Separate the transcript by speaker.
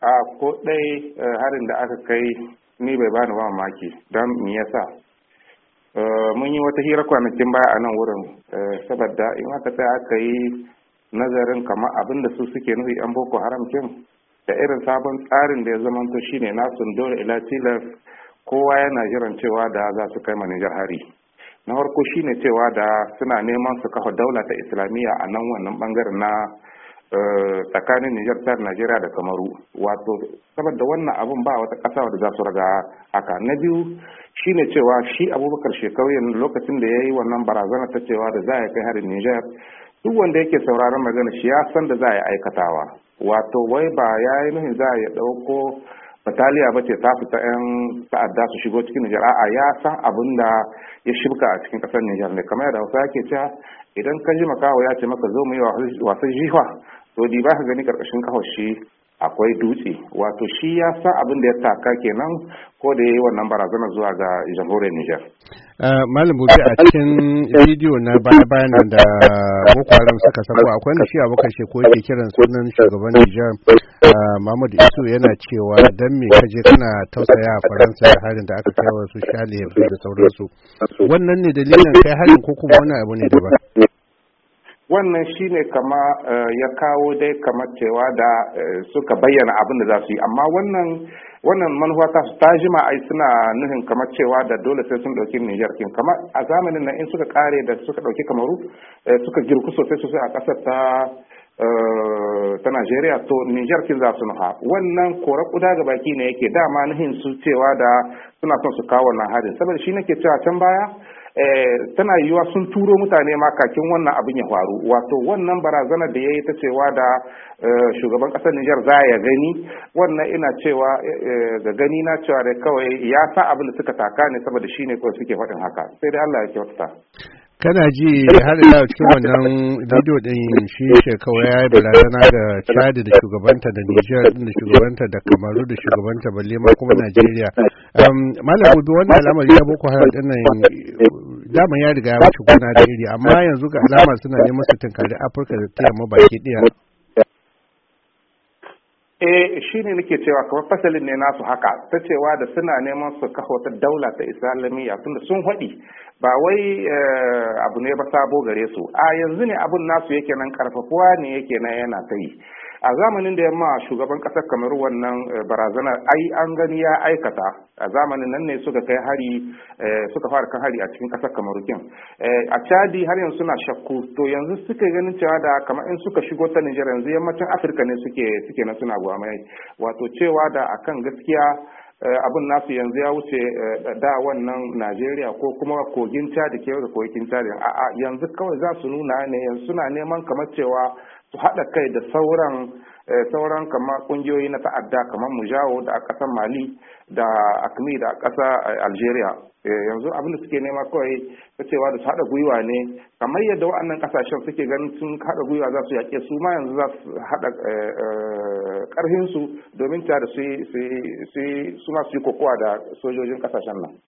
Speaker 1: a ko ɗai eh, harin da aka kai ni bai bani ba mamaki don me yasa eh, mun yi wata hira kwanakin baya a nan wurin eh, saboda in aka tsaya aka yi nazarin kamar abinda su suke nufi yan boko haram kin da irin sabon tsarin da ya zama to shine sun dole ila tilas kowa yana jiran cewa da za su kai manijar hari na farko shine cewa da suna neman su kafa daula ta islamiyya a nan wannan bangaren na Eh, tsakanin Nijar ta Najeriya da Kamaru wato saboda wannan abun ba wata ƙasa da za su raga haka na biyu shine cewa shi Abubakar shekaruyen lokacin da ya yi wannan barazana ta cewa da za a kai harin Nijar duk wanda yake sauraron magana shi ya san da za a yi aikatawa wato wai ba ya yi nuhin za a yi ɗauko bataliya ba ce ta fita 'yan ta'adda su shigo cikin Nijar a'a ya san abin da ya shibka a cikin ƙasar Nijar ne kamar yadda Hausa yake cewa idan ka ji makawa ya ce maka zo mu yi wasan jiwa to di ba ka gani karkashin kafar shi akwai dutse wato shi ya sa abin da ya taka kenan ko da ya yi wannan barazana zuwa ga jamhuriyar Nijar.
Speaker 2: Eh, Malam Bubi a cikin bidiyo na baya-bayan da Boko Haram suka sako akwai da shi abokan shi ko yake kiran sunan shugaban Nijar eh, Mahmud Isu yana cewa dan me ka je kana tausaya a Faransa da harin da aka kai wa su Shali da sauransu. Wannan ne dalilin kai harin ko kuma wani abu ne daban.
Speaker 1: wannan shi ne kama eh, ya kawo dai kamar cewa da eh, suka bayyana abin da za su yi amma wannan wannan ta su ta ai suna nuhin kamar cewa da dole sai sun dauki Niger kin kamar a zamanin nan in suka kare da suka dauki Kamaru eh, suka girku sosai sosai a kasar ta ta Najeriya to Niger kin za su nuha wannan kora kuda ga baki ne yake dama nuhin su cewa da suna son su kawo wannan harin saboda shi nake cewa can baya Eh, tana yiwuwa sun turo mutane ma kakin wannan abin ya faru wato wannan barazana da ya yi ta cewa da eh, shugaban ƙasar Nijar za ya gani wannan ina cewa eh, ga gani na cewa da kawai ya sa abin da suka taka ne saboda shi ne kawai suke faɗin haka sai dai Allah ya kyautata.
Speaker 2: kana ji har ila cikin wannan bidiyo din shi shekau ya yi barazana da chad da shugabanta da din da shugabanta da kamaru da shugabanta balle ma kuma najeriya malam gobe wannan al'amari ya boko haram din dama ya riga ya wuce gona da iri amma yanzu ga alama suna neman su tunkari afirka da ta yamma baki ɗaya
Speaker 1: eh shi ne nake cewa kamar fasalin ne nasu haka ta cewa da suna neman su kafa wata daula ta islamiyya tunda sun haɗi ba wai eh, abu ne ba sabo gare su a yanzu ne abun nasu yake nan karfafuwa ne yake nan yana ta yi a zamanin da yamma shugaban kasar kamar wannan eh, barazanar ai an gani ya aikata a zamanin nan ne suka kai hari eh, suka fara kan hari a cikin kasar kamar kin eh, a chadi har yanzu suna shakku to yanzu suke ganin cewa da kamar in suka shigo ta Nijar yanzu yammacin Afirka ne suke suke na suna gwamai wato cewa da akan gaskiya Eh, abin nasu yanzu ya wuce eh, da wannan najeriya ko kuma kogin cadi ke da kogin cadi a'a yanzu kawai za su nuna ne yanzu suna neman kamar cewa su haɗa kai da sauran eh, sauran kamar kungiyoyi na ta'adda kamar mujawo da a ƙasar mali da akmi da a ƙasar algeria yanzu abin da suke nema kawai ta cewa da su haɗa gwiwa ne kamar yadda waɗannan ƙasashen suke ganin sun haɗa gwiwa za su yaƙe su ma yanzu za su haɗa karhinsu domin da su suna su yi kokowa da sojojin kasashen nan